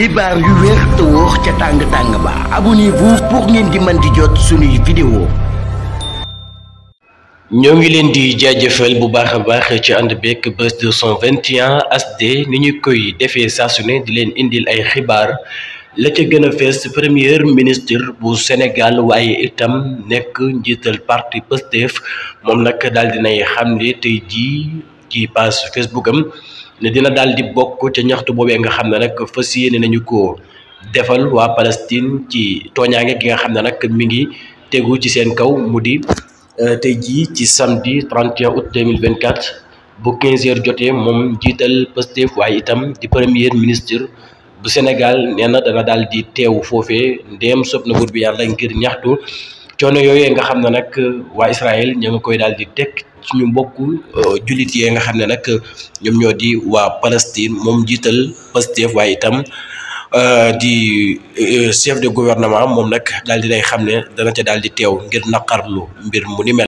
xibaar yu wér te wóor ca tàng tàng ba abonnez-vous pour ngeen di mën di jot suñuy vidéo ñoo ngi leen di jaajëfal bu baax a baax ci ànd beeg Buzz 221 HD ni ñu koy defee saa ne di leen indil ay xibaar la ca gën a fees premier ministre bu Sénégal waaye itam nekk njiital parti Pastef moom nag daal dinay xam ne tey jii. kii page Facebook am ne dina daal di bokk ca ñaxtu boobee nga xam ne nag fas yéene nañu ko defal waa Palestine ci tooñaange gi nga xam ne nag mi ngi tegu ci seen kaw mu di euh, te jii ci samedi 31 août 2024 bu 15 heures jotee moom jiital Pastef waaye itam di premier ministre bu Sénégal nee na dana daal di teew foofe ndéem sob na buur bi yàlla ngir ñaxtu. coono yooyee nga xam ne nag euh, waa Israël ñoo ngi koy daal di teg suñu mbokk euh, jullit yee nga xam ne nag ñoom ñoo di waa Palestine moom jiital Pastef waaye itam euh, di chef de gouvernement moom nag daal di lay xam ne dana ca daldi teew ngir naqarlu mbir mu ni mel.